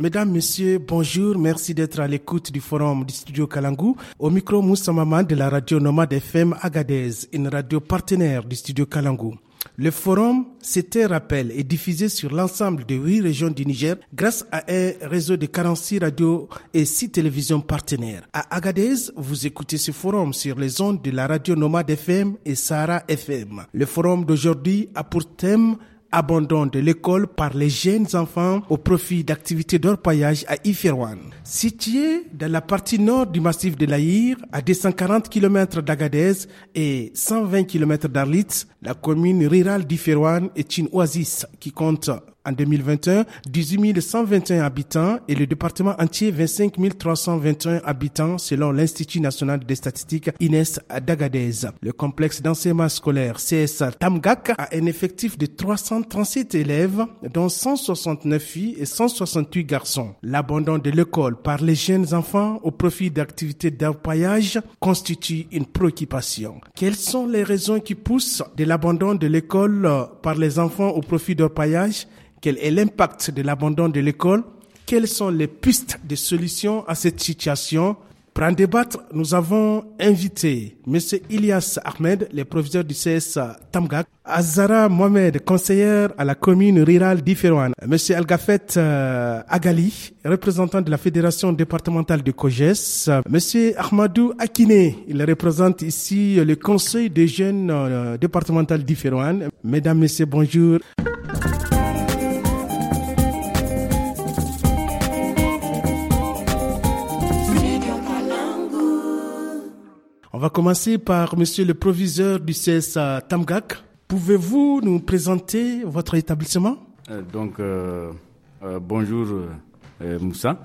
Mesdames, Messieurs, bonjour. Merci d'être à l'écoute du forum du studio Kalangou. Au micro, Moussa de la radio Nomade FM Agadez, une radio partenaire du studio Kalangu. Le forum c'était rappel est diffusé sur l'ensemble des huit régions du Niger grâce à un réseau de 46 radios et six télévisions partenaires. À Agadez, vous écoutez ce forum sur les ondes de la radio Nomade FM et Sahara FM. Le forum d'aujourd'hui a pour thème abandon de l'école par les jeunes enfants au profit d'activités d'orpaillage à Ifirwan. Situé dans la partie nord du massif de l'Aïr, à 240 km d'Agadez et 120 km d'Arlitz, la commune rurale d'Ifirwan est une oasis qui compte en 2021, 18 121 habitants et le département entier 25 321 habitants selon l'Institut national des statistiques Inès Dagadez. Le complexe d'enseignement scolaire CSA Tamgak a un effectif de 337 élèves dont 169 filles et 168 garçons. L'abandon de l'école par les jeunes enfants au profit d'activités d'orpaillage constitue une préoccupation. Quelles sont les raisons qui poussent de l'abandon de l'école euh, par les enfants au profit d'orpaillage quel est l'impact de l'abandon de l'école Quelles sont les pistes de solutions à cette situation Pour en débattre, nous avons invité M. Ilyas Ahmed, le professeur du CS Tamgak, Azara Mohamed, conseillère à la commune rurale d'Iferouane, M. Algafet euh, Agali, représentant de la Fédération départementale de COGES, M. Ahmadou Akine, il représente ici le conseil des jeunes euh, départementales d'Iferouane. Mesdames, Messieurs, bonjour. va commencer par monsieur le proviseur du CS Tamgak. Pouvez-vous nous présenter votre établissement euh, Donc, euh, euh, bonjour Moussa.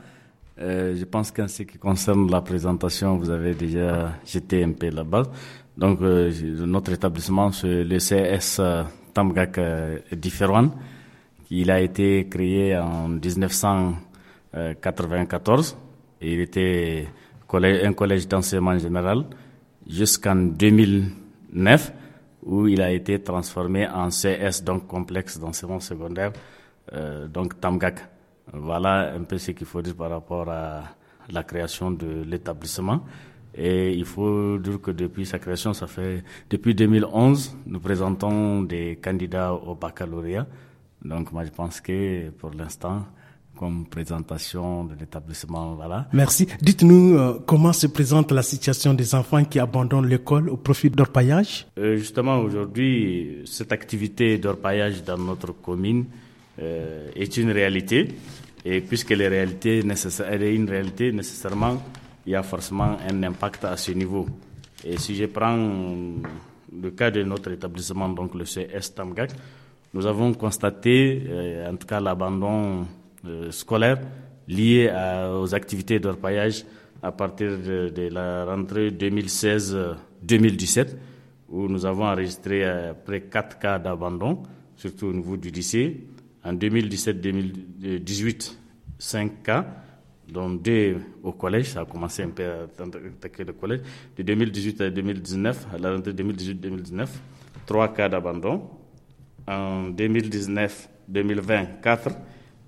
je pense qu'en ce qui concerne la présentation, vous avez déjà jeté un peu la base. Donc, notre établissement, c'est le CS Tamgak Différouane. Il a été créé en 1994. Il était un collège d'enseignement général jusqu'en 2009 où il a été transformé en CS, donc complexe d'enseignement secondaire, euh, donc Tamgak. Voilà un peu ce qu'il faut dire par rapport à la création de l'établissement. Et il faut dire que depuis sa création, ça fait depuis 2011, nous présentons des candidats au baccalauréat. Donc moi, je pense que pour l'instant, comme présentation de l'établissement. Voilà. Merci. Dites-nous euh, comment se présente la situation des enfants qui abandonnent l'école au profit d'orpaillage euh, Justement, aujourd'hui, cette activité d'orpaillage dans notre commune euh, est une réalité. Et puisqu'elle est, est une réalité, nécessairement, il y a forcément un impact à ce niveau. Et si je prends le cas de notre établissement, donc le CS Tamgak, nous avons constaté, euh, en tout cas, l'abandon scolaires lié aux activités d'orpaillage à partir de, la rentrée 2016-2017, où nous avons enregistré près 4 cas d'abandon, surtout au niveau du lycée. En 2017-2018, 5 cas, dont 2 au collège, ça a commencé un peu à attaquer le collège. De 2018 à 2019, à la rentrée 2018-2019, 3 cas d'abandon. En 2019-2020, 4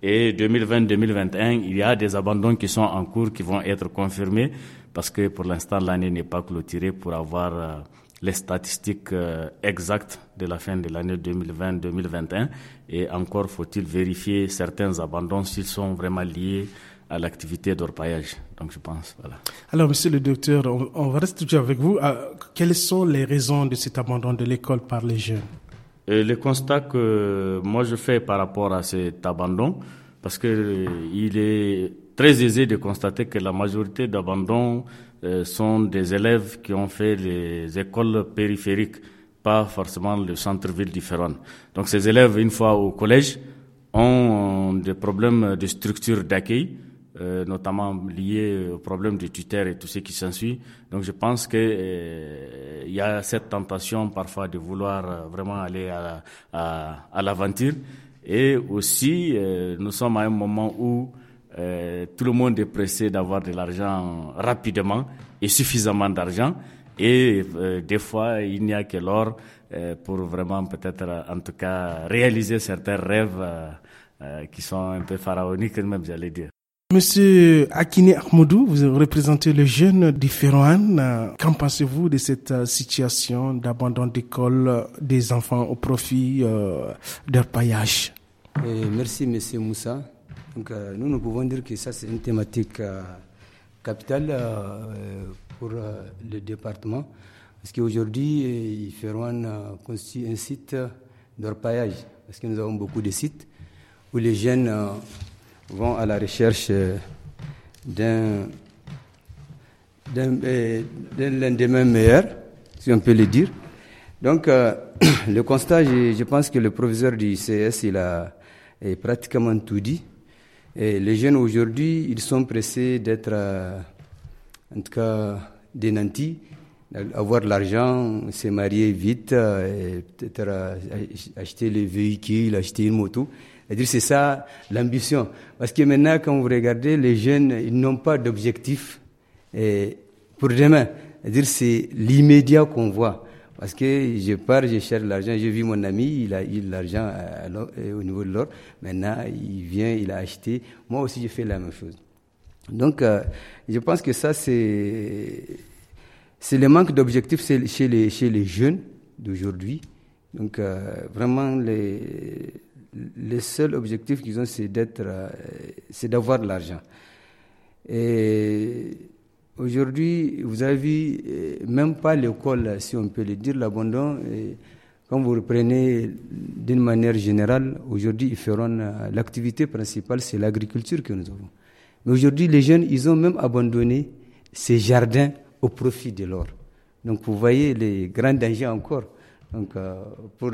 et 2020-2021, il y a des abandons qui sont en cours, qui vont être confirmés, parce que pour l'instant, l'année n'est pas clôturée pour avoir euh, les statistiques euh, exactes de la fin de l'année 2020-2021. Et encore faut-il vérifier certains abandons s'ils sont vraiment liés à l'activité d'orpaillage. Donc je pense, voilà. Alors, monsieur le docteur, on, va rester avec vous. Ah, quelles sont les raisons de cet abandon de l'école par les jeunes et le constat que moi je fais par rapport à cet abandon, parce qu'il euh, est très aisé de constater que la majorité d'abandons euh, sont des élèves qui ont fait les écoles périphériques, pas forcément le centre-ville différent. Donc ces élèves, une fois au collège, ont des problèmes de structure d'accueil euh, notamment lié au problème du tuteur et tout ce qui s'ensuit. Donc je pense que euh, il y a cette tentation parfois de vouloir euh, vraiment aller à, à, à l'aventure. Et aussi, nous sommes à un moment où tout le monde est pressé d'avoir de l'argent rapidement et suffisamment d'argent. Et des fois, il n'y a que l'or pour vraiment peut-être, en tout cas, réaliser certains rêves qui sont un peu pharaoniques, même, j'allais dire. Monsieur Akine Ahmoudou, vous représentez les jeunes du Qu'en pensez-vous de cette euh, situation d'abandon d'école des enfants au profit euh, leur paillage euh, Merci, monsieur Moussa. nous, nous pouvons dire que ça, c'est une thématique capitale pour le département. Parce qu'aujourd'hui, Féroan constitue un site d'orpaillage. Parce que nous avons beaucoup de sites où les jeunes vont à la recherche euh, d'un euh, lendemain meilleur, si on peut le dire. Donc, euh, le constat, je, pense que le professeur du CS, il a est pratiquement tout dit. Et les jeunes aujourd'hui, ils sont pressés d'être, en tout cas, des nantis, avoir l'argent, se marier vite, et peut-être acheter les véhicules, acheter une moto cest c'est ça l'ambition. Parce que maintenant, quand vous regardez, les jeunes, ils n'ont pas d'objectif pour demain. C'est-à-dire, c'est l'immédiat qu'on voit. Parce que je pars, je cherche l'argent. J'ai vu mon ami, il a eu l'argent euh, euh, au niveau de l'or. Maintenant, il vient, il a acheté. Moi aussi, j'ai fait la même chose. Donc, euh, je pense que ça, c'est, c'est le manque d'objectifs chez les, chez les jeunes d'aujourd'hui. Donc, vraiment, les, le seul objectif qu'ils ont, c'est d'être, euh, c'est d'avoir de l'argent. Et aujourd'hui, vous avez vu, euh, même pas l'école, si on peut le dire, l'abandon. Quand vous reprenez d'une manière générale, aujourd'hui, ils feront euh, l'activité principale, c'est l'agriculture que nous avons. Mais aujourd'hui, les jeunes, ils ont même abandonné ces jardins au profit de l'or. Donc, vous voyez les grands dangers encore. Donc, euh, pour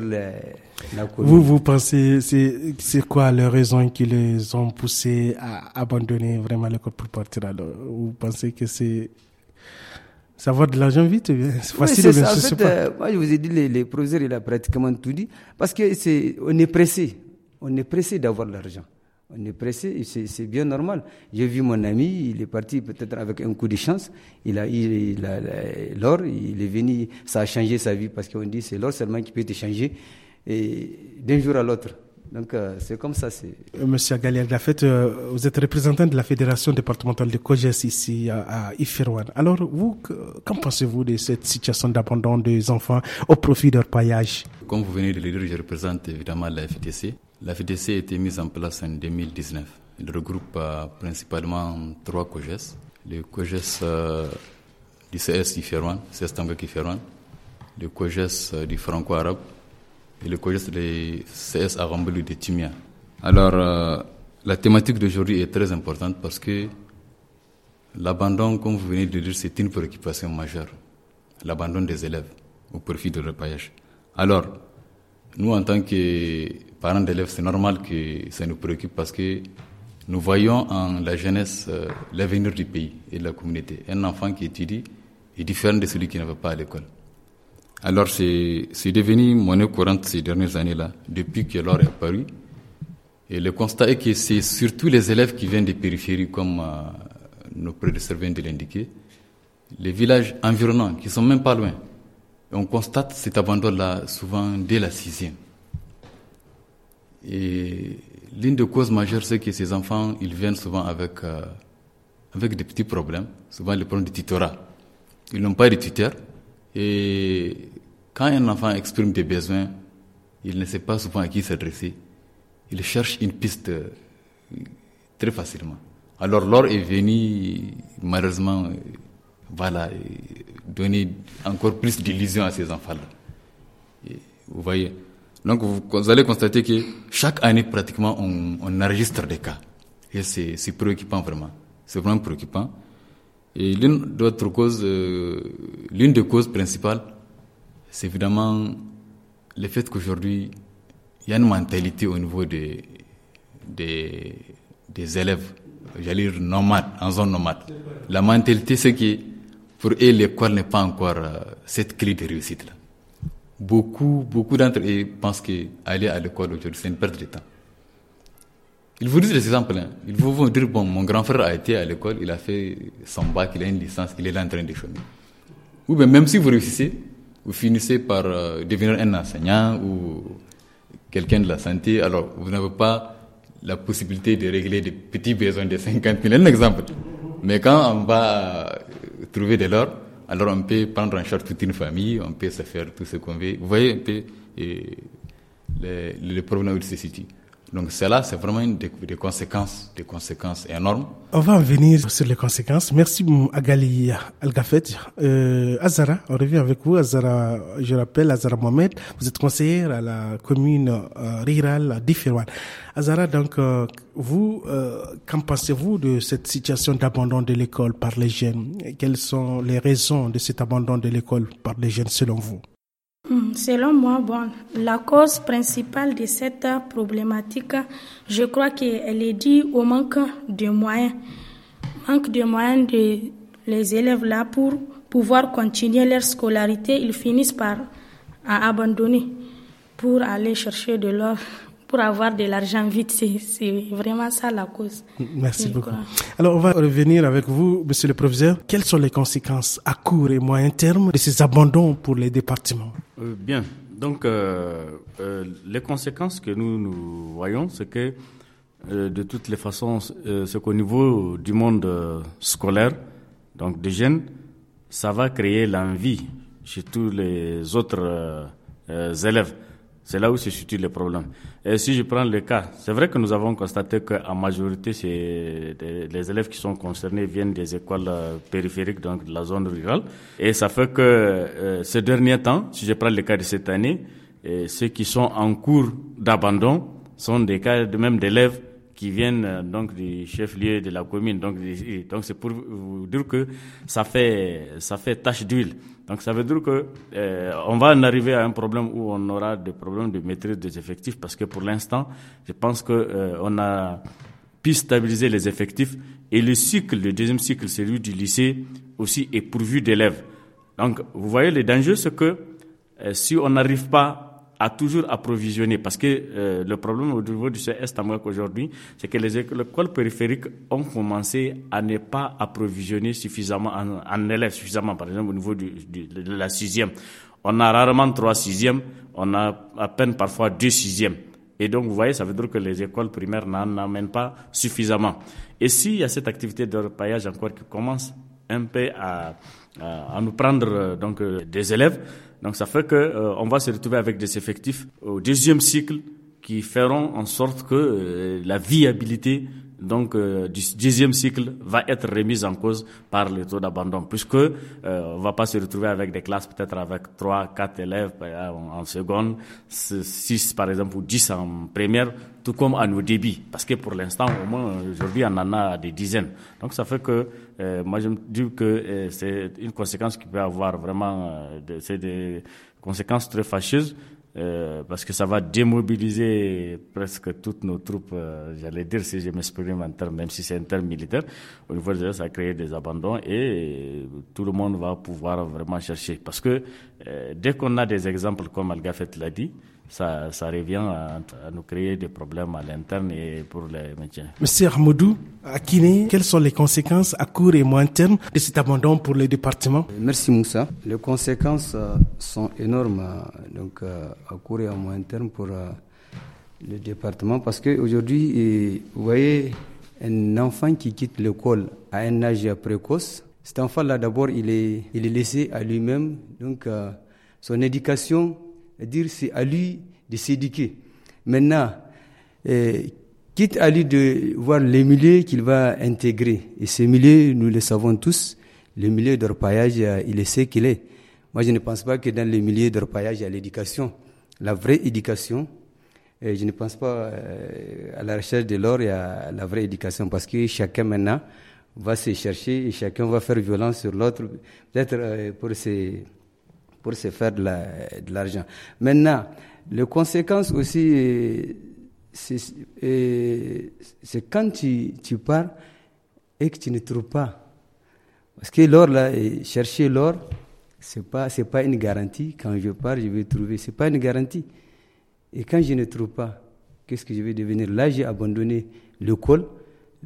Vous, vous pensez, c'est quoi les raisons qui les ont poussés à abandonner vraiment l'école pour partir alors Vous pensez que c'est savoir de l'argent vite C'est facile oui, ça, en fait, euh, moi, je vous ai dit, les, les professeurs, il a pratiquement tout dit. Parce que c'est on est pressé. On est pressé d'avoir l'argent. On est pressé, c'est bien normal. J'ai vu mon ami, il est parti peut-être avec un coup de chance. Il a eu l'or, il est venu, ça a changé sa vie parce qu'on dit c'est l'or seulement qui peut te changer d'un jour à l'autre. Donc euh, c'est comme ça. Euh, Monsieur Galère euh, vous êtes représentant de la Fédération départementale de COGES ici à, à Alors vous, qu'en pensez-vous de cette situation d'abandon des enfants au profit de leur paillage Comme vous venez de le dire, je représente évidemment la FTC. La FDC a été mise en place en 2019. Elle regroupe euh, principalement trois COGES. Le COGES euh, du CS différent, CS le COGES euh, du franco-arabe et le COGES du CS Arambelu de Timia. Alors, la thématique d'aujourd'hui est très importante parce que l'abandon, comme vous venez de dire, c'est une préoccupation majeure. L'abandon des élèves au profit de repaillage. Alors, nous, en tant que parents d'élèves, c'est normal que ça nous préoccupe parce que nous voyons en la jeunesse euh, l'avenir du pays et de la communauté. Un enfant qui étudie est différent de celui qui ne va pas à l'école. Alors c'est devenu monnaie courante ces dernières années-là, depuis que l'or est apparu. Et le constat est que c'est surtout les élèves qui viennent des périphéries, comme euh, nos prédécesseurs viennent de l'indiquer, les villages environnants, qui sont même pas loin. on constate cet abandon-là souvent dès la sixième. Et l'une des causes majeures, c'est que ces enfants, ils viennent souvent avec, euh, avec des petits problèmes, souvent les problèmes de tutorat. Ils n'ont pas de tuteur. Et quand un enfant exprime des besoins, il ne sait pas souvent à qui s'adresser. Il cherche une piste euh, très facilement. Alors l'or est venu, malheureusement, euh, voilà, donner encore plus d'illusions à ces enfants-là. Vous voyez donc vous, allez constater que chaque année pratiquement on, enregistre des cas. Et c'est préoccupant vraiment. C'est vraiment préoccupant. Et l'une d'autres causes, euh, l'une des causes principales, c'est évidemment le fait qu'aujourd'hui il y a une mentalité au niveau des, des, élèves, j'allais dire nomades, en zone nomade. La mentalité c'est que pour eux l'école n'est pas encore euh, cette clé de réussite là. Beaucoup, beaucoup d'entre eux pensent qu'aller à l'école aujourd'hui, c'est une perte de temps. Ils vous disent des exemples. Hein. Ils vous vont dire, bon, mon grand frère a été à l'école, il a fait son bac, il a une licence, il est là en train de chômer. Ou bien même si vous réussissez, vous finissez par euh, devenir un enseignant ou quelqu'un de la santé, alors vous n'avez pas la possibilité de régler des petits besoins de 50 000, un exemple. Mais quand on va euh, trouver de l'or, alors on peut prendre en charge toute une famille, on peut se faire tout ce qu'on veut. Vous voyez un peu et euh, le, le problème où il donc cela, c'est vraiment une des, conséquences, des conséquences énormes. On va en venir sur les conséquences. Merci Agali Algafet. Euh, Azara, on revient avec vous. Azara, je rappelle Azara Mohamed, vous êtes conseillère à la commune euh, rurale d'Ifirwan. Azara, donc euh, vous, euh, qu'en pensez-vous de cette situation d'abandon de l'école par les jeunes Quelles sont les raisons de cet abandon de l'école par les jeunes selon vous Hmm, selon moi, bon, la cause principale de cette problématique, je crois qu'elle est due au manque de moyens. Manque de moyens de les élèves là pour pouvoir continuer leur scolarité, ils finissent par abandonner pour aller chercher de l'or pour avoir de l'argent vite. C'est vraiment ça la cause. Merci beaucoup. Alors, on va revenir avec vous, monsieur le professeur. Quelles sont les conséquences à court et moyen terme de ces abandons pour les départements euh, bien. Donc, euh, euh, les conséquences que nous, nous voyons, c'est que de toutes les façons, c'est qu'au niveau du monde scolaire, donc des jeunes, ça va créer l'envie chez tous les autres élèves. C'est là où se situe le problème. Et si je prends le cas, c'est vrai que nous avons constaté qu'en majorité, c'est les élèves qui sont concernés viennent des écoles euh, périphériques, donc de la zone rurale. Et ça fait que euh, ces derniers temps, si je prends le cas de cette année, euh, ceux qui sont en cours d'abandon sont des cas de même d'élèves qui viennent donc du chef-lieu de la commune. Donc, donc c'est pour vous dire que ça fait, ça fait tache d'huile. Donc ça veut dire que euh, on va en arriver à un problème où on aura des problèmes de maîtrise des effectifs parce que pour l'instant, je pense que euh, on a pu stabiliser les effectifs et le cycle, le deuxième cycle, celui du lycée aussi est pourvu d'élèves. Donc vous voyez le danger, c'est que euh, si on n'arrive pas a toujours approvisionné parce que euh, le problème au niveau du CS Tamouak aujourd'hui, c'est que les écoles périphériques ont commencé à ne pas approvisionner suffisamment en, élèves, suffisamment, par exemple au niveau de la sixième. On a rarement trois sixièmes, on a à peine parfois deux sixièmes. Et donc, vous voyez, ça veut dire que les écoles primaires n'en amènent pas suffisamment. Et s'il y a cette activité de repaillage encore qui commence un peu à, à nous prendre euh, donc, euh, des élèves, donc ça fait qu'on euh, on va se retrouver avec des effectifs au deuxième cycle qui feront en sorte que euh, la viabilité donc euh, du dixième cycle va être remise en cause par le taux d'abandon, puisque euh, on va pas se retrouver avec des classes peut-être avec trois, quatre élèves euh, en, seconde, six par exemple ou dix en première, tout comme à nos débits, parce que pour l'instant au moins aujourd'hui on en a des dizaines. Donc ça fait que euh, moi je me dis que euh, c'est une conséquence qui peut avoir vraiment, c'est des conséquences très fâcheuses euh, parce que ça va démobiliser presque toutes nos troupes, euh, j'allais dire si je m'exprime en termes, même si c'est un terme militaire, au niveau de ça crée des abandons et euh, tout le monde va pouvoir vraiment chercher. Parce que dès qu'on a des exemples, comme Al-Gafet l'a dit, ça, revient à, nous créer des problèmes à l'interne et pour les médecins Monsieur Ahmadou, à quelles sont les conséquences à court et moyen terme de cet abandon pour le département Merci Moussa. Les conséquences euh, sont énormes euh, donc, euh, à court et à moyen terme pour le département parce qu'aujourd'hui, vous voyez, un enfant qui quitte l'école à un âge précoce, cet enfant-là d'abord, il est, il est laissé à lui-même. Donc, son éducation dire c'est à lui de s'éduquer. Maintenant, euh, quitte à lui de voir les milieux qu'il va intégrer. Et ces milieux, nous le savons tous, le milieu d'orpaillage, euh, il est ce qu'il est. Moi, je ne pense pas que dans le milieu d'orpaillage, il y a l'éducation. La vraie éducation, euh, je ne pense pas à la recherche de l'or et à la vraie éducation, parce que chacun maintenant va se chercher et chacun va faire violence sur l'autre, peut-être pour ses pour se faire de l'argent. Maintenant, les conséquences aussi, c'est quand tu, pars et que tu ne trouves pas. Parce que l'or, là, chercher l'or, ce n'est pas, pas une garantie. Quand je pars, je vais trouver. Ce n'est pas une garantie. Et quand je ne trouve pas, qu'est-ce que je vais devenir Là, j'ai abandonné l'école,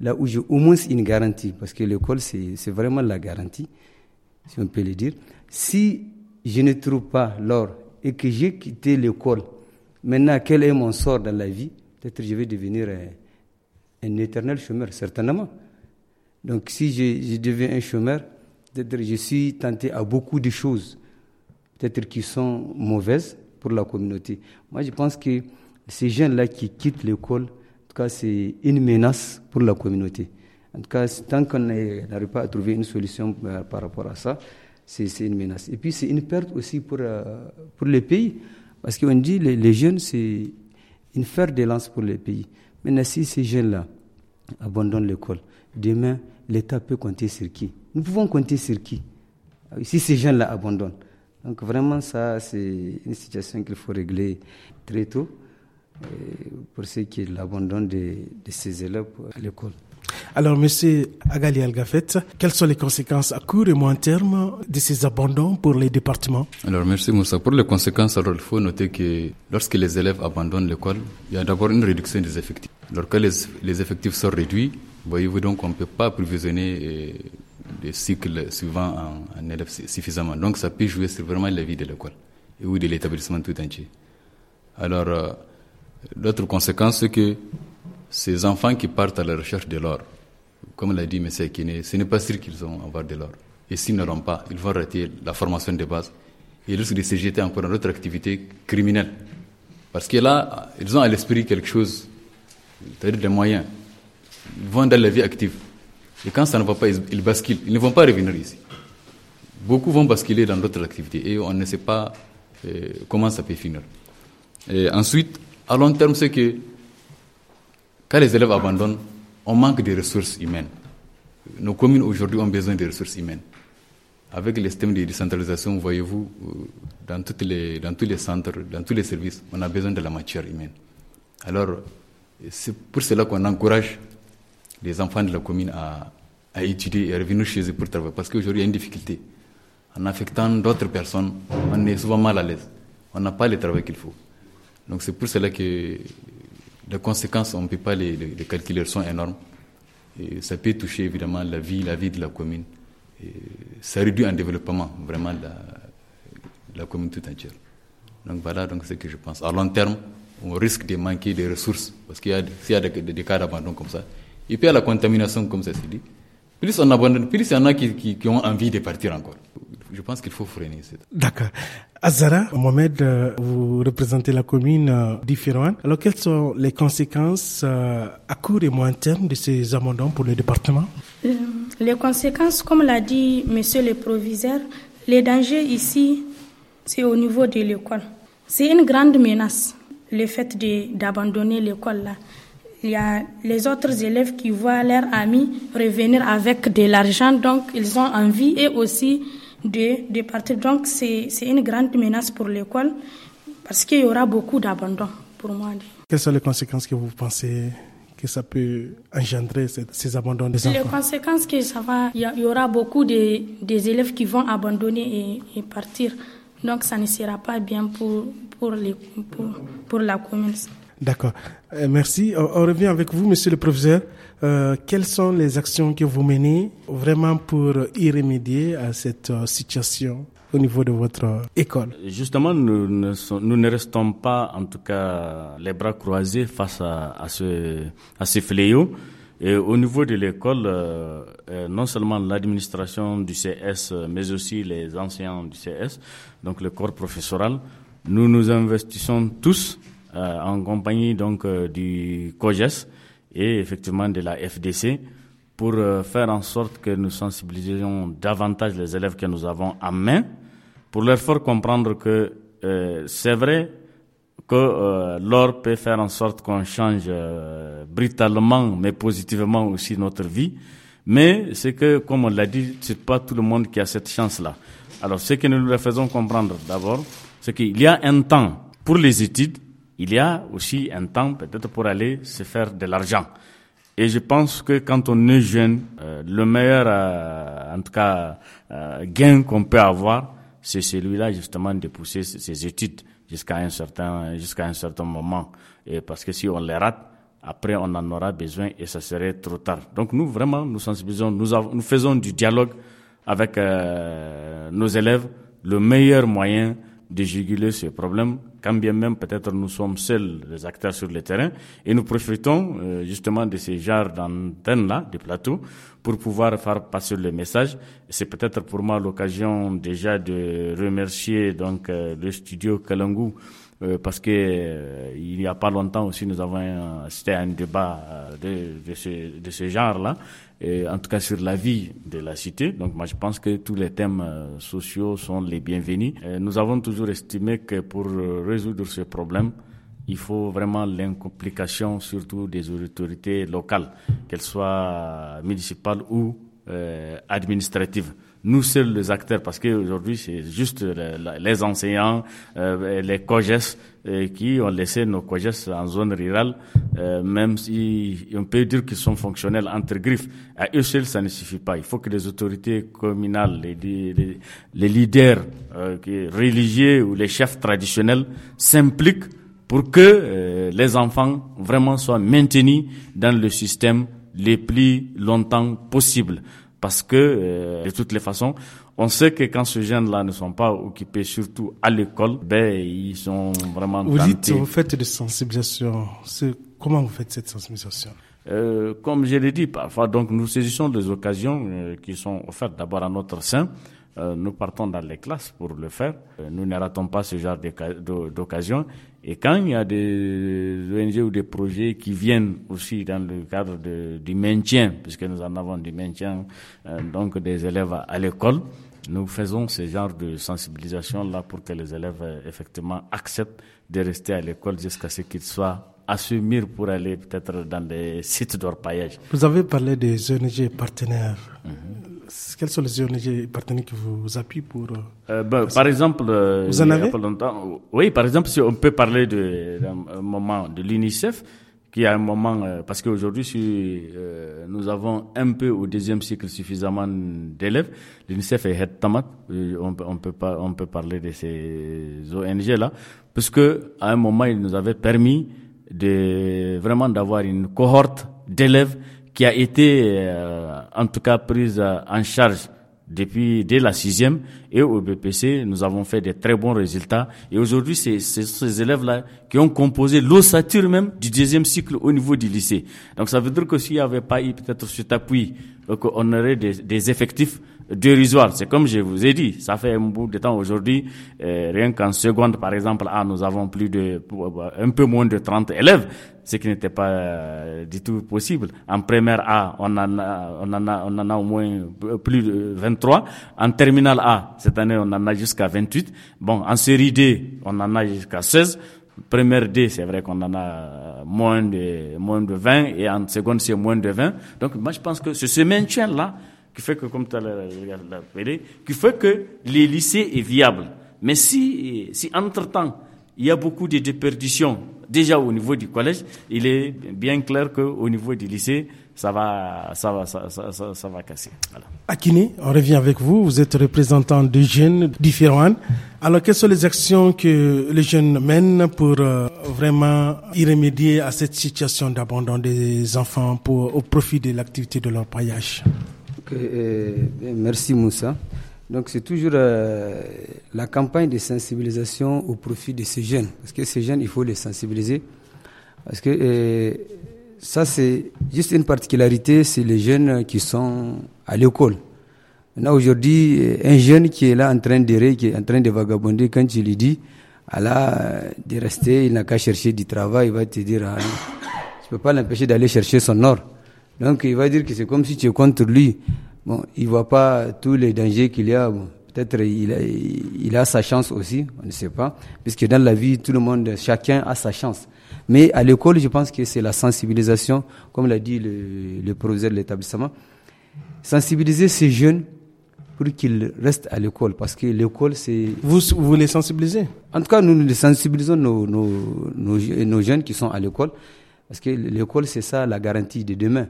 là où j'ai au moins une garantie. Parce que l'école, c'est vraiment la garantie, si on peut le dire. Si je ne trouve pas l'or et que j'ai quitté l'école, maintenant quel est mon sort dans la vie Peut-être je vais devenir un, éternel chômeur, certainement. Donc si je, je deviens un chômeur, peut-être je suis tenté à beaucoup de choses, peut-être qui sont mauvaises pour la communauté. Moi, je pense que ces jeunes-là qui quittent l'école, en tout cas, c'est une menace pour la communauté. En tout cas, tant qu'on n'arrive pas à trouver une solution euh, par rapport à ça, c'est une menace. Et puis c'est une perte aussi pour, euh, pour les pays, parce qu'on dit les, les jeunes, c'est une fer de lance pour les pays. Maintenant, si ces jeunes-là abandonnent l'école, demain, l'État peut compter sur qui Nous pouvons compter sur qui ah Si ces jeunes-là abandonnent. Donc vraiment, ça, c'est une situation qu'il faut régler très tôt euh, pour ceux qui est de, de ces élèves à l'école. Alors, Monsieur Agali Algafet, quelles sont les conséquences à court et moyen terme de ces abandons pour les départements Alors, merci Moussa. Pour les conséquences, alors, il faut noter que lorsque les élèves abandonnent l'école, il y a d'abord une réduction des effectifs. Lorsque les, les effectifs sont réduits, voyez-vous donc qu'on ne peut pas provisionner les euh, cycles suivants en, élèves suffisamment. Donc, ça peut jouer sur vraiment la vie de l'école ou de l'établissement tout entier. Alors, euh, l'autre conséquence, c'est que ces enfants qui partent à la recherche de l'or, comme l'a dit M. Kine, ce n'est pas sûr qu'ils vont avoir de l'or. Et s'ils ne pas, ils vont rater la formation de base et risquent de se jeter encore dans d'autres activités criminelles. Parce que là, ils ont à l'esprit quelque chose, c'est-à-dire des moyens. Ils vont dans la vie active. Et quand ça ne va pas, ils basculent. Ils ne vont pas revenir ici. Beaucoup vont basculer dans d'autres activités et on ne sait pas euh, comment ça peut finir. Et ensuite, à long terme, c'est que quand les élèves abandonnent, on manque de ressources humaines. Nos communes aujourd'hui ont besoin de ressources humaines. Avec le système de décentralisation, voyez-vous, euh, dans, dans tous les centres, dans tous les services, on a besoin de la matière humaine. Alors, c'est pour cela qu'on encourage les enfants de la commune à, à étudier et à revenir chez eux pour travailler. Parce qu'aujourd'hui, il y a une difficulté. En affectant d'autres personnes, on est souvent mal à l'aise. On n'a pas le travail qu'il faut. Donc c'est pour cela que les conséquences, on ne peut pas les, calculer, sont énormes. Et ça peut toucher évidemment la vie, la vie de la commune. Et ça réduit en développement vraiment la, la commune tout entière. Donc voilà donc ce que je pense. À long terme, on risque de manquer des ressources parce qu'il y a, s'il y a des, cas d'abandon comme ça. Et puis à la contamination, comme ça se dit. Plus on abandonne, plus il y en a qui ont envie de partir encore je pense qu'il faut freiner. D'accord. Azara, Mohamed, euh, vous représentez la commune euh, d'Ifirouane. Alors, quelles sont les conséquences euh, à court et moyen terme de ces amendements pour le département Les conséquences, comme l'a dit monsieur le proviseur, les dangers ici, c'est au niveau de l'école. C'est une grande menace, le fait d'abandonner l'école là. Il y a les autres élèves qui voient leurs amis revenir avec de l'argent, donc ils ont envie et aussi de, partir. Donc, c'est une grande menace pour l'école parce qu'il y aura beaucoup d'abandon, pour moi. Quelles sont les conséquences que vous pensez que ça peut engendrer ces, abandons des enfants Les conséquences que ça va, il y, aura beaucoup de, des élèves qui vont abandonner et, et partir. Donc, ça ne sera pas bien pour, pour, les, pour, pour la commune. D'accord. Euh, merci. Euh, on, revient avec vous, monsieur le professeur. Euh, quelles sont les actions que vous menez vraiment pour y remédier à cette euh, situation au niveau de votre école Justement, nous ne, restons pas, en tout cas, les bras croisés face à, ce, à ces fléaux. Et au niveau de l'école, non seulement l'administration du CS, mais aussi les enseignants du CS, donc le corps professoral, nous nous investissons tous euh, en compagnie donc euh, du COGES et effectivement de la FDC pour euh, faire en sorte que nous sensibilisions davantage les élèves que nous avons en main pour leur faire comprendre que c'est vrai que l'or peut faire en sorte qu'on change brutalement mais positivement aussi notre vie. Mais c'est que, comme on l'a dit, c'est pas tout le monde qui a cette chance-là. Alors, ce que nous leur faisons comprendre d'abord, c'est qu'il y a un temps pour les études il y a aussi un temps peut-être pour aller se faire de l'argent. Et je pense que quand on est jeune, euh, le meilleur, euh, en tout cas, euh, gain qu'on peut avoir, c'est celui-là justement de pousser ses études jusqu'à un certain, jusqu'à un certain moment. Et parce que si on les rate, après on en aura besoin et ça serait trop tard. Donc nous vraiment, nous sensibilisons, nous, nous faisons du dialogue avec nos élèves le meilleur moyen de juguler ce problème, quand bien même peut-être nous sommes seuls les acteurs sur le terrain, et nous profitons euh, justement de ces genres dantenne là de plateaux, pour pouvoir faire passer le message. C'est peut-être pour moi l'occasion déjà de remercier donc euh, le studio Kalangu euh, parce que il n'y a pas longtemps aussi nous avons assisté un débat de, de, ce, de ce genre là en tout cas sur la vie de la cité. Donc moi je pense que tous les thèmes euh, sociaux sont les bienvenus. nous avons toujours estimé que pour euh, résoudre ce problème, il faut vraiment l'implication surtout des autorités locales, qu'elles soient municipales ou euh, administratives nous seuls les acteurs, parce qu'aujourd'hui c'est juste les enseignants, euh, les COGES euh, qui ont laissé nos COGES en zone rurale, euh, même si on peut dire qu'ils sont fonctionnels entre griffes. À eux seuls, ça ne suffit pas. Il faut que les autorités communales, les, les leaders religieux ou les chefs traditionnels s'impliquent pour que les enfants vraiment soient maintenus dans le système le plus longtemps possible parce que euh, de toutes les façons, on sait que quand ces jeunes-là ne sont pas occupés, surtout à l'école, ben ils sont vraiment. Vous dites, vous faites de sensibilisation. Comment vous faites cette sensibilisation euh, Comme je l'ai dit, parfois, donc nous saisissons des occasions euh, qui sont offertes d'abord à notre sein. Euh, nous partons dans les classes pour le faire. Nous ne ratons pas ce genre d'occasion et quand il y a des ONG ou des projets qui viennent aussi dans le cadre du maintien, puisque nous en avons du maintien euh, donc des élèves à, l'école, nous faisons ce genre de sensibilisation-là pour que les élèves euh, effectivement acceptent de rester à l'école jusqu'à ce qu'ils soient assumés pour aller peut-être dans des sites d'orpaillage. Vous avez parlé des ONG partenaires. Mhm quelles sont les ONG partenaires qui vous appuient pour euh, euh, ben, Par exemple, euh, vous en avez oui, par exemple, si on peut parler de, d'un moment de l'UNICEF, qui a un moment, parce qu'aujourd'hui, si, nous avons un peu au deuxième cycle suffisamment d'élèves, l'UNICEF et head Tamat, on, on, peut pas, on peut parler de ces ONG-là, parce que à un moment, ils nous avaient permis de vraiment d'avoir une cohorte d'élèves qui a été euh, en tout cas prise en charge depuis dès la sixième et au BPC nous avons fait des très bons résultats et aujourd'hui c'est ces élèves là qui ont composé l'ossature même du deuxième cycle au niveau du lycée donc ça veut dire que s'il n'y avait pas eu peut-être cet appui euh, on aurait des, des effectifs dérisoire. C'est comme je vous ai dit, ça fait un bout de temps aujourd'hui, euh, rien qu'en seconde, par exemple, A, ah, nous avons plus de, euh, un peu moins de 30 élèves, ce qui n'était pas euh, du tout possible. En première A, on en a, on en a, on en a au moins plus de 23. En terminale A, cette année, on en a jusqu'à 28. Bon, en série D, on en a jusqu'à 16. Première D, c'est vrai qu'on en a moins de, moins de 20 et en seconde, c'est moins de 20. Donc, moi, je pense que ce maintien-là, qui fait que, comme tu as l'heure, qui fait que les lycées est viable. Mais si, entre-temps, il y a beaucoup de déperditions déjà au niveau du collège, il est bien clair qu'au niveau du lycée, ça va, ça va, casser. Voilà. Akine, on revient avec vous. Vous êtes représentant de jeunes différents. Alors, quelles sont les actions que les jeunes mènent pour euh, vraiment y remédier à cette situation d'abandon des enfants au profit de l'activité de leur paillage euh, euh, merci Moussa. Donc c'est toujours euh, la campagne de sensibilisation au profit de ces jeunes. Parce que ces jeunes, il faut les sensibiliser. Parce que ça, c'est juste une particularité, c'est les jeunes qui sont à l'école. Maintenant, aujourd'hui, un jeune qui est là en train d'errer, qui est en train de vagabonder, quand tu lui dis, ah à de rester, il n'a qu'à chercher du travail, il va te dire, ah, je ne peux pas l'empêcher d'aller chercher son or. Donc il va dire que c'est comme si tu es contre lui. Bon, il voit pas tous les dangers qu'il y a. peut-être il a, il a sa chance aussi, on ne sait pas, puisque dans la vie, tout le monde, chacun a sa chance. Mais à l'école, je pense que c'est la sensibilisation, comme l'a dit le, le professeur de l'établissement, sensibiliser ces jeunes pour qu'ils restent à l'école, parce que l'école, c'est... Vous, vous les sensibilisez En tout cas, nous, nous sensibilisons nos, nos, nos, nos jeunes qui sont à l'école, parce que l'école, c'est ça la garantie de demain.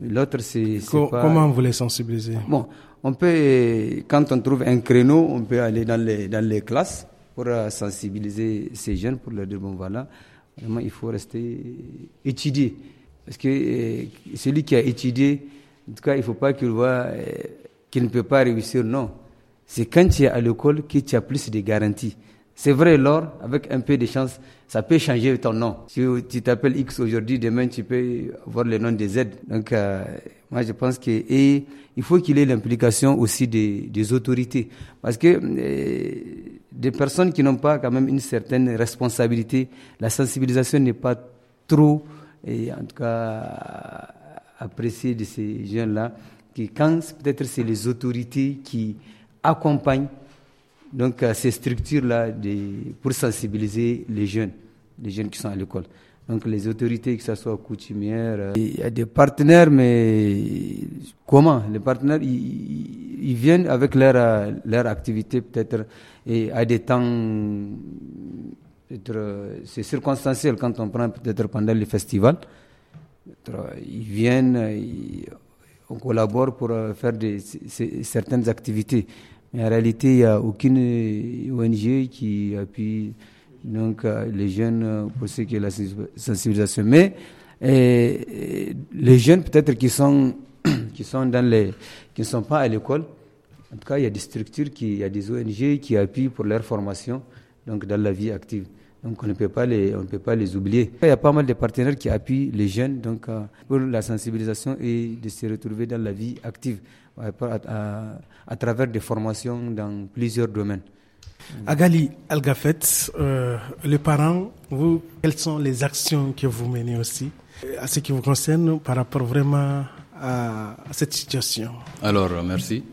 L'autre, c'est Comment vous les sensibilisez Bon, on peut, quand on trouve un créneau, on peut aller dans les, dans les classes pour euh, sensibiliser ces jeunes, pour leur dire, bon voilà, vraiment, il faut rester étudié. Parce que euh, celui qui a étudié, en tout cas, il ne faut pas qu'il voit euh, qu'il ne peut pas réussir, non. C'est quand tu es à l'école que tu as plus de garanties. C'est vrai, l'or, avec un peu de chance, ça peut changer ton nom. Si tu t'appelles X aujourd'hui, demain tu peux avoir le nom de Z. Donc euh, moi je pense que et il faut qu'il ait l'implication aussi des, autorités, parce que euh, des personnes qui n'ont pas quand même une certaine responsabilité, la sensibilisation n'est pas trop, et en tout cas appréciée de ces jeunes là. Qui quand peut-être c'est les autorités qui accompagnent donc à ces structures-là pour sensibiliser les jeunes, les jeunes qui sont à l'école. Donc les autorités, que ce soit coutumières, euh, il y a des partenaires, mais comment Les partenaires, ils, viennent avec leur, euh, leur activité peut-être et à des temps euh, c'est circonstanciel quand on prend peut-être pendant les festivals. Ils viennent, on collabore pour faire certaines activités. Mais en réalité, il n'y a aucune ONG qui appuie donc, euh, les jeunes pour ce qui est la sensibilisation. Mais euh, euh, les jeunes, peut-être, qui sont, qui sont dans les, qui ne sont pas à l'école, en tout cas, il y a des structures, qui, il y a des ONG qui appuient pour leur formation donc dans la vie active. Donc on ne peut pas les, on peut pas les oublier. Il y a pas mal de partenaires qui appuient les jeunes donc pour la sensibilisation et de se retrouver dans la vie active à, travers des formations dans plusieurs domaines. Agali Algafet, euh, les parents, vous, quelles sont les actions que vous menez aussi euh, à ce qui vous concerne par rapport vraiment à, cette situation Alors, merci.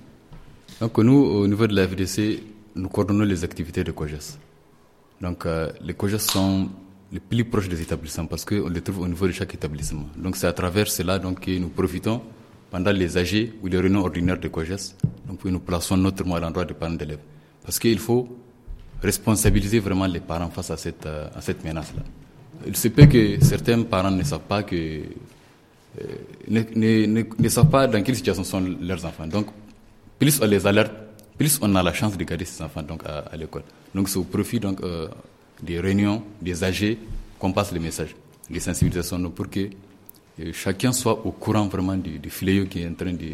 Donc, nous, au niveau de la FDC, nous coordonnons les activités de COGES. Donc, euh, les COGES sont les plus proches des établissements parce qu'on les trouve au niveau de chaque établissement. Donc, c'est à travers cela donc, que nous profitons pendant les AG ou les réunions ordinaires de COGES, donc nous plaçons notamment à l'endroit des parents d'élèves. Parce qu'il faut responsabiliser vraiment les parents face à cette, euh, à cette menace-là. Il se peut que certains parents ne savent pas que euh, ne, savent pas dans quelle situation sont leurs enfants. Donc, plus on les alerte, plus on a la chance de garder ces enfants donc, à, l'école. Donc, c'est au profit donc, euh, des réunions, des AG, qu'on passe le message, les sensibilisations pour que chacun soit au courant vraiment du, du fléau qui est en train de,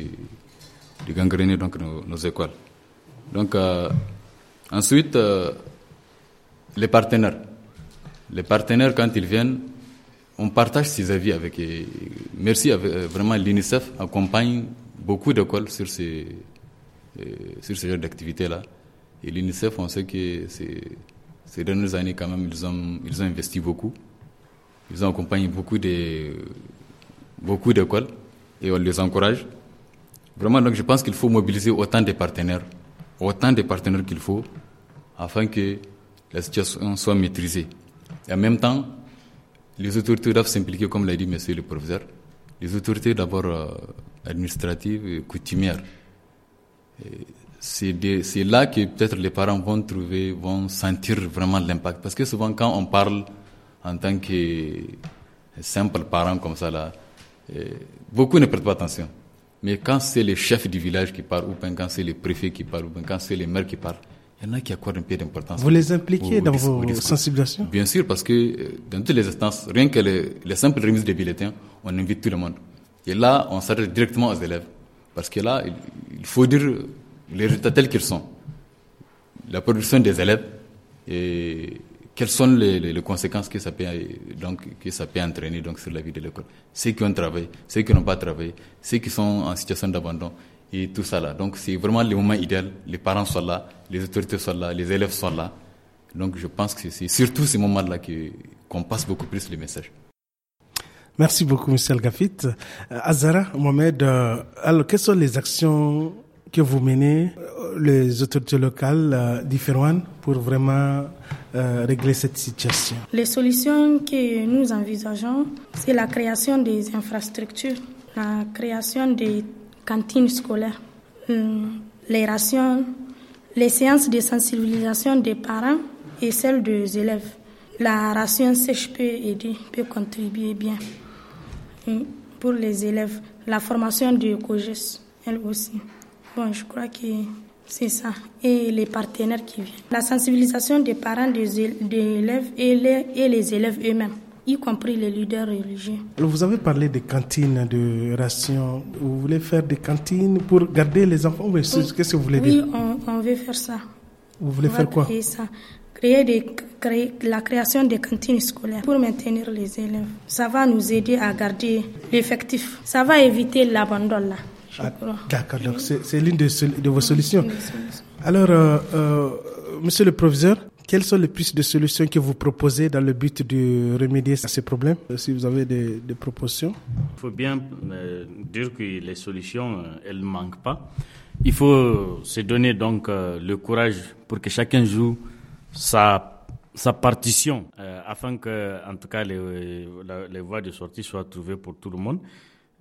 de gangréner donc nos, écoles. Donc euh, ensuite, euh, les partenaires. Les partenaires, quand ils viennent, on partage ses avis avec. Et merci, euh, vraiment, l'UNICEF accompagne beaucoup d'écoles sur ces, sur ce genre dactivité là Et l'UNICEF, on sait que ces, ces dernières années, quand même, ils ont, ils ont investi beaucoup. Ils ont accompagné beaucoup de, beaucoup d'écoles et on les encourage. Vraiment, donc je pense qu'il faut mobiliser autant de partenaires, autant de partenaires qu'il faut, afin que la situation soit maîtrisée. Et en même temps, les autorités doivent s'impliquer, comme l'a dit monsieur le professeur, les autorités d'abord euh, administratives et coutumières. C'est là que peut-être les parents vont trouver, vont sentir vraiment l'impact. Parce que souvent, quand on parle en tant que simple parent comme ça, là, euh, beaucoup ne prêtent pas attention. Mais quand c'est le chef du village qui parle, ou quand c'est le préfet qui parle, ou quand c'est le maire qui parle, il y en a qui accordent un peu d'importance. Vous les impliquez dans vos sensibilisations Bien sûr, parce que euh, dans toutes les instances, rien que les, simples remises de bulletins, on invite tout le monde. Et là, on s'adresse directement aux élèves. Parce que là, il, il faut dire les résultats tels qu'ils sont. La production des élèves et quelles sont les, les, les, conséquences que ça peut, donc, que ça peut entraîner donc, sur la vie de l'école. Ceux qui ont travaillé, ceux qui n'ont pas travaillé, ceux qui sont en situation d'abandon et tout ça là. Donc c'est vraiment le moment idéal. Les parents sont là, les autorités sont là, les élèves sont là. Donc je pense que c'est surtout ces moments-là qu'on passe beaucoup plus les messages. Merci beaucoup, M. Al-Gafit. Euh, Azara, Mohamed, euh, alors quelles sont les actions que vous menez, euh, les autorités locales euh, différentes, pour vraiment euh, régler cette situation Les solutions que nous envisageons, c'est la création des infrastructures, la création des cantines scolaires, les rations, les séances de sensibilisation des parents et celles des élèves. La ration sèche peut aider, peut contribuer bien pour les élèves. La formation du COGES, elle aussi. Bon, je crois que c'est ça. Et les partenaires qui viennent. La sensibilisation des parents des élèves et les, et les élèves eux-mêmes y compris les leaders religieux. Vous avez parlé des cantines de rations. Vous voulez faire des cantines pour garder les enfants Qu'est-ce que vous voulez dire Oui, on, veut faire ça. Vous voulez faire quoi créer ça. Créer, des, créer la création des cantines scolaires pour maintenir les élèves. Ça va nous aider à garder l'effectif. Ça va éviter l'abandon là. Ah, d'accord, Donc, c'est l'une de, vos solutions. Alors, euh, euh, monsieur le proviseur quelles sont les pistes de solutions que vous proposez dans le but de remédier à ces problèmes, euh, si vous avez des, propositions Il faut bien dire que les solutions, elles ne manquent pas. Il faut se donner donc le courage pour que chacun joue sa sa partition afin que, en tout cas, les voies de sortie soient trouvées pour tout le monde.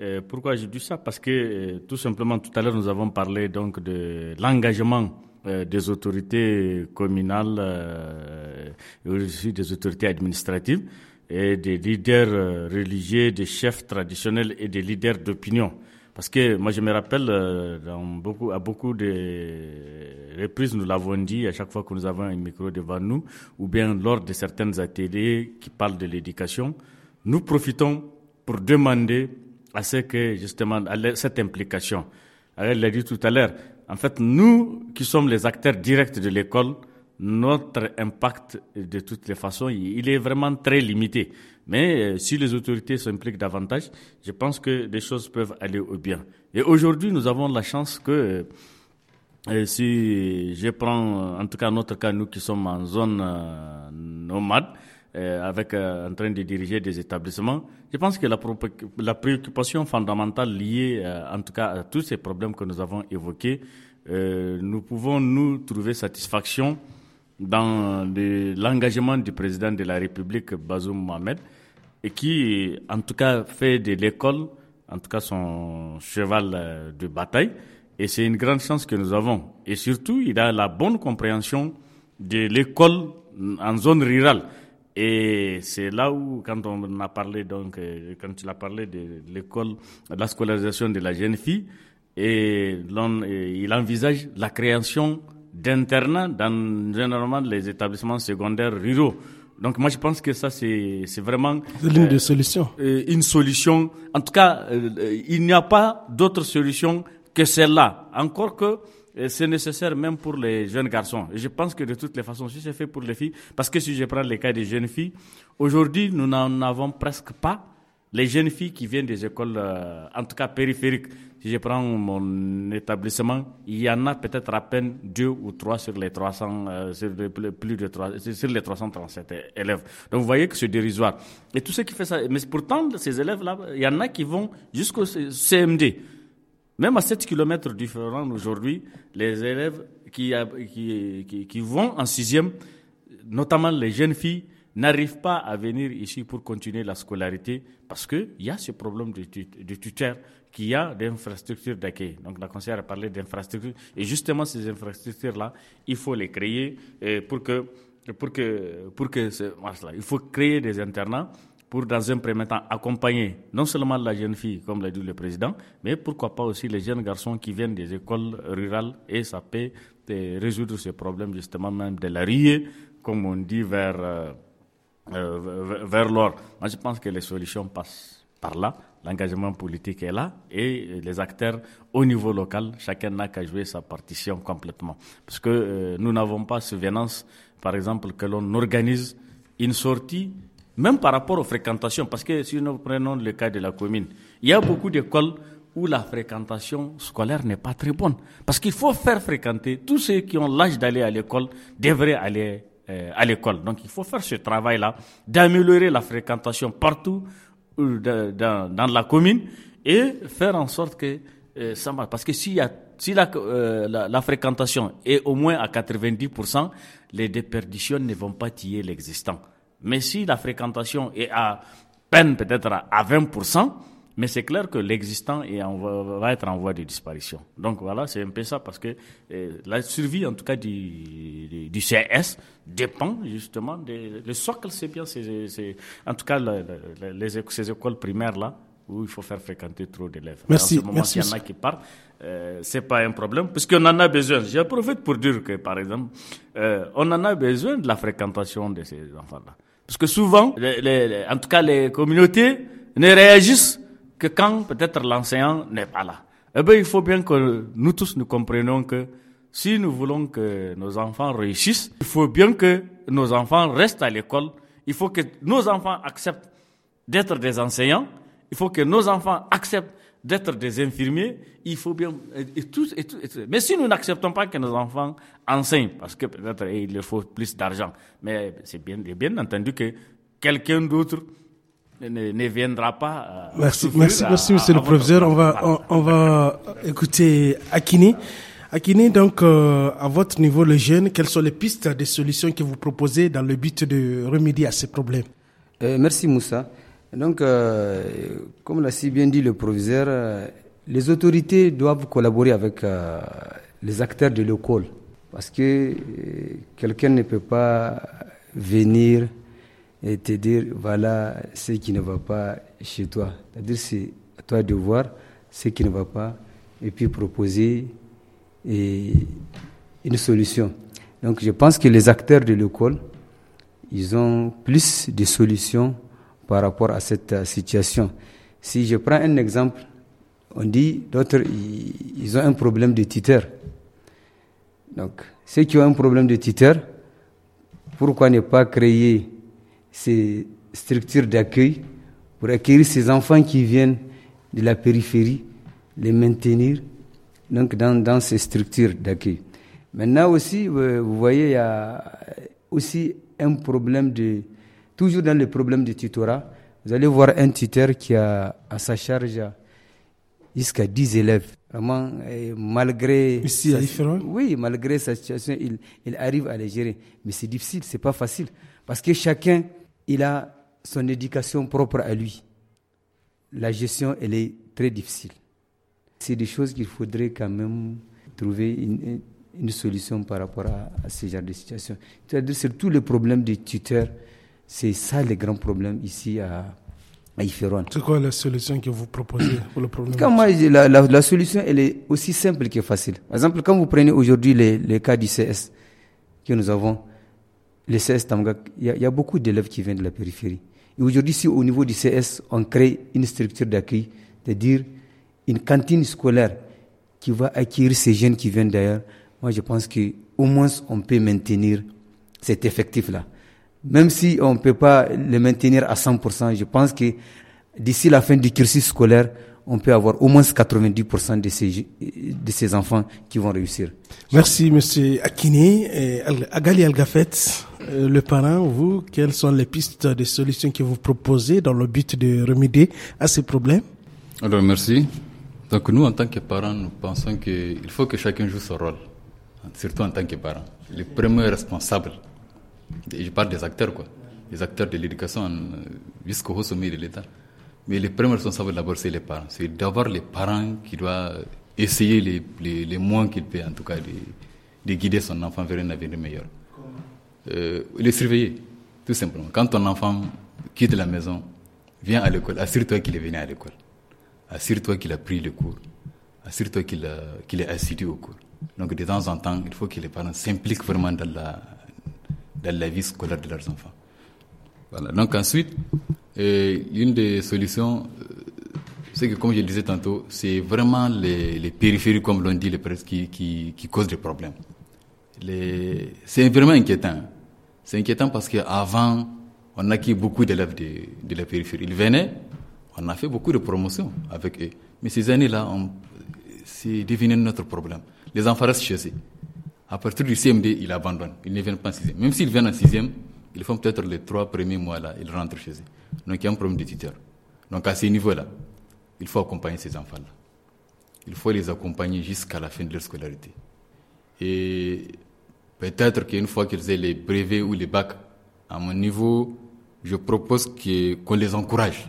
Euh, pourquoi j'ai dis ça Parce que euh, tout simplement, tout à l'heure, nous avons parlé donc de l'engagement euh, des autorités communales et aussi des autorités administratives et des leaders religieux, des chefs traditionnels et des leaders d'opinion. Parce que moi, je me rappelle, à beaucoup de reprises, nous l'avons dit à chaque fois que nous avons un micro devant nous, ou bien lors de certaines ateliers qui parlent de l'éducation, nous profitons pour demander à ce que justement à cette implication. Elle l'a dit tout à l'heure. En fait, nous qui sommes les acteurs directs de l'école, notre impact de toutes les façons, il est vraiment très limité. Mais euh, si les autorités s'impliquent davantage, je pense que les choses peuvent aller au bien. Et aujourd'hui, nous avons la chance que, euh, euh, si je prends en tout cas notre cas, nous qui sommes en zone nomade, euh, avec, euh, en train de diriger des établissements. Je pense que la, la préoccupation fondamentale liée, euh, en tout cas, à tous ces problèmes que nous avons évoqués, nous pouvons nous trouver satisfaction dans l'engagement du président de la République, Bazoum Mohamed, et qui, en tout cas, fait de l'école, en tout cas, son cheval de bataille. Et c'est une grande chance que nous avons. Et surtout, il a la bonne compréhension de l'école en zone rurale. Et c'est là où, quand on a parlé, donc, euh, quand tu l'as parlé de l'école, de la scolarisation de la jeune fille, et, il envisage la création d'internats dans généralement les établissements secondaires ruraux. Donc moi je pense que ça c'est vraiment l'une euh, euh, une solution. En tout cas, il n'y a pas d'autre solution que celle-là. Encore que c'est nécessaire même pour les jeunes garçons. Je pense que de toutes les façons, si c'est fait pour les filles, parce que si je prends les cas des jeunes filles, aujourd'hui, nous n'en avons presque pas les jeunes filles qui viennent des écoles, euh, en tout cas périphériques. Si je prends mon établissement, il y en a peut-être à peine deux ou trois sur les 300, euh, plus de 3, sur les 337 élèves. Donc vous voyez que c'est dérisoire. Et tout ce qui fait ça, mais pourtant ces élèves-là, il y en a qui vont jusqu'au CMD. Même à 7 km différents aujourd'hui, les élèves qui, qui, qui, vont en sixième, notamment les jeunes filles, n'arrivent pas à venir ici pour continuer la scolarité parce qu'il y a ce problème de, de tuteur qu'il y a d'infrastructures d'accueil. Donc la conseillère a parlé d'infrastructures et justement ces infrastructures-là, il faut les créer euh, pour que, pour que, pour que ce marche-là. Il faut créer des internats pour, dans un premier temps, accompagner non seulement la jeune fille, comme l'a dit le président, mais pourquoi pas aussi les jeunes garçons qui viennent des écoles rurales et ça peut résoudre ce problème justement même de la rue, comme on dit, vers, euh, euh, vers l'or. Moi, je pense que les solutions passent par là. L'engagement politique est là et les acteurs au niveau local, chacun n'a qu'à jouer sa partition complètement. Parce que euh, nous n'avons pas souvenance, par exemple, que l'on organise une sortie même par rapport aux fréquentations, parce que si nous prenons le cas de la commune, il y a beaucoup d'écoles où la fréquentation scolaire n'est pas très bonne. Parce qu'il faut faire fréquenter tous ceux qui ont l'âge d'aller à l'école, devraient aller euh, à l'école. Donc il faut faire ce travail-là, d'améliorer la fréquentation partout euh, dans, la commune et faire en sorte que euh, ça marche. Parce que si la, la, fréquentation est au moins à 90%, les déperditions ne vont pas tirer l'existant. Mais si la fréquentation est à peine peut-être à 20%, mais c'est clair que l'existant va être en voie de disparition. Donc voilà, c'est un peu ça parce que euh, la survie, en tout cas, du, CS dépend justement des, le socle, c'est bien, c'est, en tout cas les, ces écoles primaires là où il faut faire fréquenter trop d'élèves. Merci. En ce moment, merci. y en a qui partent, ce euh, c'est pas un problème qu'on en a besoin. J'en profite pour dire que par exemple, euh, on en a besoin de la fréquentation de ces enfants là. Parce que souvent, les, en tout cas les communautés ne réagissent que quand peut-être l'enseignant n'est pas là. Eh bien, il faut bien que nous tous nous comprenions que si nous voulons que nos enfants réussissent, il faut bien que nos enfants restent à l'école. Il faut que nos enfants acceptent d'être des enseignants. Il faut que nos enfants acceptent d'être des infirmiers, il faut bien. Et, tout, et Mais si nous n'acceptons pas que nos enfants enseignent, parce que peut-être eh, il leur faut plus d'argent, mais c'est bien, bien entendu que quelqu'un d'autre ne, viendra pas. Euh, merci, merci, monsieur le professeur. On va, on, va écouter Akini. Akini, donc, euh, à votre niveau, le jeune, quelles sont les pistes des solutions que vous proposez dans le but de remédier à ces problèmes euh, Merci, Moussa. Donc, euh, comme l'a si bien dit le proviseur, euh, les autorités doivent collaborer avec euh, les acteurs de l'école parce que quelqu'un ne peut pas venir et te dire voilà ce qui ne va pas chez toi. cest à toi de voir ce qui ne va pas et puis proposer une solution. Donc je pense que les acteurs de l'école, ils ont plus de solutions par rapport à cette euh, situation. Si je prends un exemple, on dit d'autres, ils ont un problème de titeur. Donc, ceux qui ont un problème de titeur, pourquoi ne pas créer ces structures d'accueil pour accueillir ces enfants qui viennent de la périphérie, les maintenir donc dans, dans ces structures d'accueil. Maintenant aussi, euh, vous voyez, il y a aussi un problème de, Toujours dans le problème du tutorat, vous allez voir un tuteur qui a à sa charge jusqu'à 10 élèves. Vraiment, malgré. sa, Oui, malgré sa situation, il, arrive à les gérer. Mais c'est difficile, c'est pas facile. Parce que chacun, il a son éducation propre à lui. La gestion, elle est très difficile. C'est des choses qu'il faudrait quand même trouver une, solution par rapport à, à, ce genre de situation. cest à surtout le problème des tuteurs c'est ça le grand problème ici à, à C'est quoi la solution que vous proposez pour le problème quand la, solution, elle est aussi simple que facile. Par exemple, quand vous prenez aujourd'hui les, cas du CS que nous avons, le CS Tamgak, il y, a beaucoup d'élèves qui viennent de la périphérie. Et aujourd'hui, si au niveau du CS, on crée une structure d'accueil, c'est-à-dire une cantine scolaire qui va acquérir ces jeunes qui viennent d'ailleurs, moi je pense que au moins on peut maintenir cet effectif-là même si on ne peut pas les maintenir à 100%, je pense que d'ici la fin du cursus scolaire, on peut avoir au moins 90% de ces, de ces enfants qui vont réussir. Merci, Monsieur Akini. Agali Algafet, euh, le parent, vous, quelles sont les pistes de solutions que vous proposez dans le but de remédier à ces problèmes Alors, merci. Donc, nous, en tant que parents, nous pensons qu'il faut que chacun joue son rôle, surtout en tant que parent. Le premier responsable je parle des acteurs, quoi. Les acteurs de l'éducation euh, jusqu'au sommet de l'État. Mais les premiers responsables d'abord, c'est les parents. C'est d'abord les parents qui doivent essayer les, les, les moins qu'ils peuvent, en tout cas, de, de, guider son enfant vers un avenir meilleur. Euh, le surveiller, tout simplement. Quand ton enfant quitte la maison, vient à l'école, assure-toi qu'il est venu à l'école. Assure-toi qu'il a pris le cours. Assure-toi qu'il est assidu au cours. Donc, de temps en temps, il faut que les parents s'impliquent vraiment dans la, dans la vie scolaire de leurs enfants. Voilà. Donc ensuite, euh, une des solutions, euh, c'est que comme je le disais tantôt, c'est vraiment les, les, périphéries, comme l'on dit, les presse, qui, qui, causent des problèmes. Les... C'est vraiment inquiétant. C'est inquiétant parce qu'avant, on a acquis beaucoup d'élèves de, de la périphérie. Ils venaient, on a fait beaucoup de promotions avec eux. Mais ces années-là, c'est devenu notre problème. Les enfants restent chez eux. À partir du CMD, ils abandonne. Ils ne viennent pas en sixième. Même s'ils viennent en sixième, ils font peut-être les trois premiers mois-là, ils rentrent chez eux. Donc il y a un problème de Donc à ce niveau-là, il faut accompagner ces enfants-là. Il faut les accompagner jusqu'à la fin de leur scolarité. Et peut-être qu'une fois qu'ils aient les brevets ou les bacs, à mon niveau, je propose qu'on les encourage.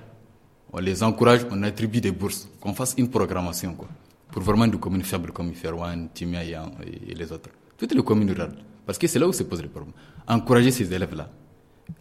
On les encourage, on attribue des bourses, qu'on fasse une programmation, quoi, pour vraiment des communes comme Ferwan, Timia et les autres toutes les communes rurales. Parce que c'est là où se pose le problème. Encourager ces élèves-là,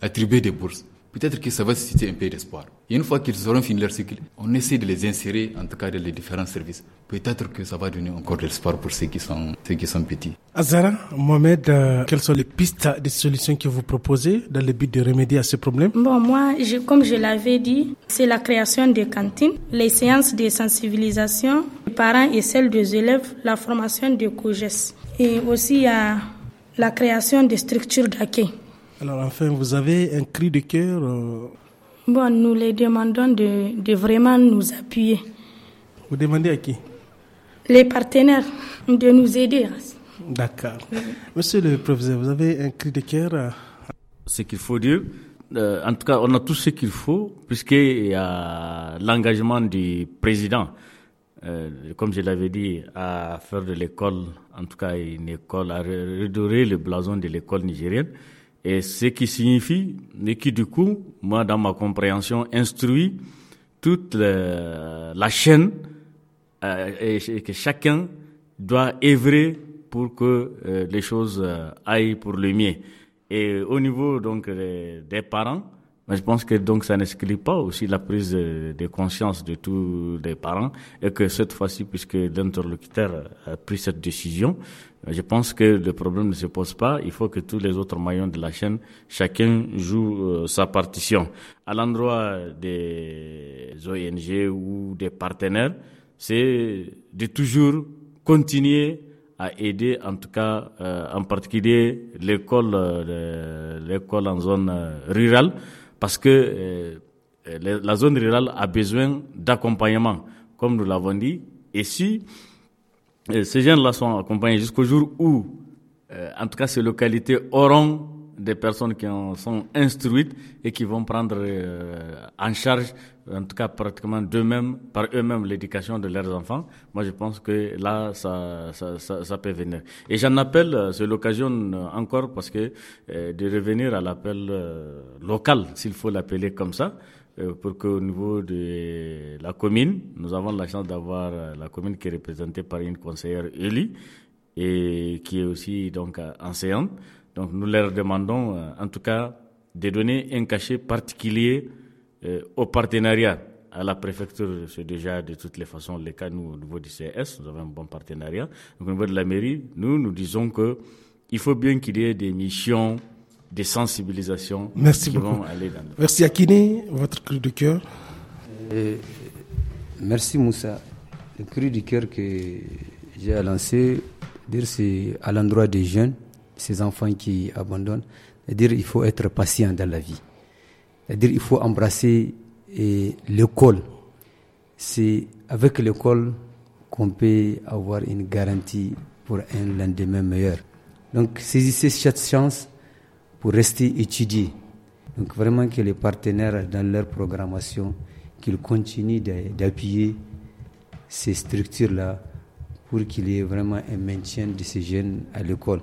attribuer des bourses, peut-être que ça va susciter un peu d'espoir. Et une fois qu'ils auront fini leur cycle, on essaie de les insérer, en tout cas, dans les différents services. Peut-être que ça va donner encore de l'espoir pour ceux qui sont, qui sont petits. Azara, Mohamed, euh, quelles sont les pistes de solutions que vous proposez dans le but de remédier à ce problème Bon, moi, comme je l'avais dit, c'est la création des cantines, les séances de sensibilisation des parents et celles des élèves, la formation des COGES et aussi à la création des structures d'accueil. Alors enfin, vous avez un cri de cœur euh, Bon, nous les demandons de, de, vraiment nous appuyer. Vous demandez à qui Les partenaires de nous aider. D'accord. Monsieur le professeur, vous avez un cri de cœur euh, Ce qu'il faut dire, euh, en tout cas, on a tout ce qu'il faut, puisqu'il y a l'engagement du président. Euh, comme je l'avais dit, à faire de l'école, en tout cas une école, à redorer le blason de l'école nigérienne. Et ce qui signifie, et qui du coup, moi dans ma compréhension, instruit toute la, chaîne euh, et, que chacun doit œuvrer pour que euh, les choses aillent pour le mieux. Et au niveau donc des parents, mais je pense que donc ça n'exclut pas aussi la prise de conscience de tous les parents et que cette fois-ci, puisque l'interlocuteur a pris cette décision, je pense que le problème ne se pose pas. Il faut que tous les autres maillons de la chaîne, chacun joue euh, sa partition. À l'endroit des ONG ou des partenaires, c'est de toujours continuer à aider en tout cas euh, en particulier l'école euh, l'école en zone rurale parce que euh, euh, la zone rurale a besoin d'accompagnement, comme nous l'avons dit. Et si euh, ces jeunes-là sont accompagnés jusqu'au jour où, en tout cas, ces localités auront des personnes qui en sont instruites et qui vont prendre euh, en charge, en tout cas pratiquement d'eux-mêmes, par eux-mêmes, l'éducation de leurs enfants. Moi, je pense que là, ça, ça, ça, peut venir. Et j'en appelle, c'est euh, l'occasion euh, encore, parce que de revenir à l'appel local, s'il faut l'appeler comme ça, pour qu'au niveau de la commune, nous avons la chance d'avoir la commune qui est représentée par une conseillère élue et qui est aussi donc enseignante. Donc nous leur demandons euh, en tout cas de donner un cachet particulier euh, au partenariat à la préfecture, c'est déjà de toutes les façons le cas, nous, au niveau du CS, nous avons un bon partenariat. Donc, au niveau de la mairie, nous, nous disons que il faut bien qu'il y ait des missions des sensibilisations. merci qui beaucoup. aller dans le... Merci Akini. votre cri de cœur. Euh, merci Moussa. Le cri du cœur que j'ai lancé, dire c'est à l'endroit des jeunes, ces enfants qui abandonnent. C'est-à-dire il faut être patient dans la vie. C'est-à-dire il faut embrasser l'école. C'est avec l'école qu'on peut avoir une garantie pour un lendemain meilleur. Donc saisissez cette chance pour rester étudié. Donc vraiment que les partenaires dans leur programmation, qu'ils continuent d'appuyer ces structures-là pour qu'il y ait vraiment un maintien de ces jeunes à l'école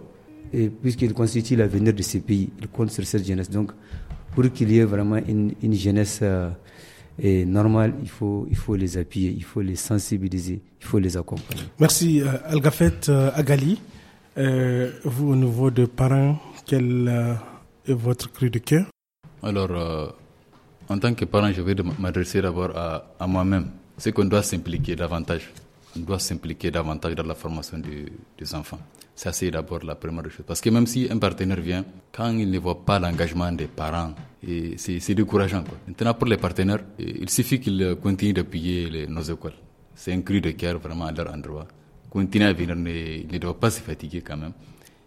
puisqu'il constitue l'avenir de ces pays. Il compte sur cette jeunesse. Donc, pour qu'il y ait vraiment une, jeunesse euh, normale, il faut, les appuyer, il faut les sensibiliser, il faut les accompagner. Merci. Euh, Algafet euh, Agali, vous au niveau de parents, quel est votre cri de cœur Alors, en tant que parent, je vais m'adresser d'abord à, moi-même. C'est qu'on doit s'impliquer davantage. On doit s'impliquer davantage dans la formation des enfants. Ça, c'est d'abord la première chose. Parce que même si un partenaire vient, quand il ne voit pas l'engagement des parents, c'est décourageant. Maintenant, pour les partenaires, il suffit qu'ils continuent de nos écoles. C'est un cri de cœur vraiment à leur endroit. Continuer à venir, ils ne doivent pas se fatiguer quand même.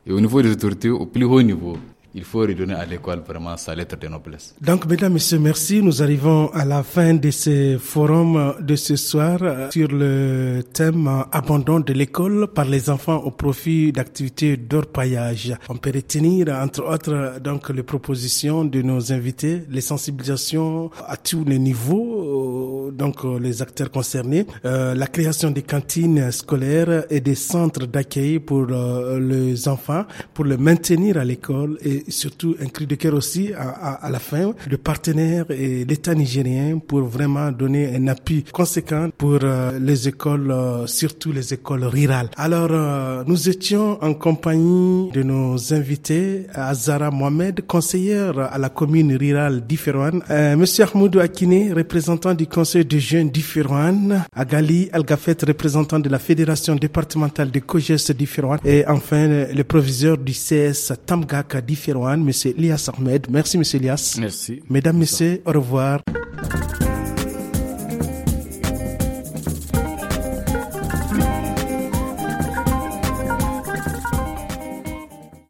Et au niveau des autorités, au plus haut niveau, il faut redonner à l'école vraiment sa lettre de noblesse. Donc, mesdames, messieurs, merci. Nous arrivons à la fin de ce forum de ce soir sur le thème abandon de l'école par les enfants au profit d'activités d'orpaillage. On peut retenir, entre autres, donc, les propositions de nos invités, les sensibilisations à tous les niveaux, euh, donc, les acteurs concernés, euh, la création des cantines scolaires et des centres d'accueil pour euh, les enfants, pour le maintenir à l'école et surtout un cri de cœur aussi à, à, à la fin, le partenaire et l'État nigérien pour vraiment donner un appui conséquent pour euh, les écoles, euh, surtout les écoles rurales. Alors, euh, nous étions en compagnie de nos invités, Azara Mohamed, conseillère à la commune rurale d'Iferouane, Monsieur Ahmoudou Akine, représentant du conseil des jeunes d'Iferouane, Agali Algafet, représentant de la fédération départementale de COGES d'Iferouane, et enfin le proviseur du CS Tamgaka d'Iferouane Monsieur M. Elias Ahmed. Merci, Monsieur Elias. Merci. Mesdames, Messieurs, au revoir.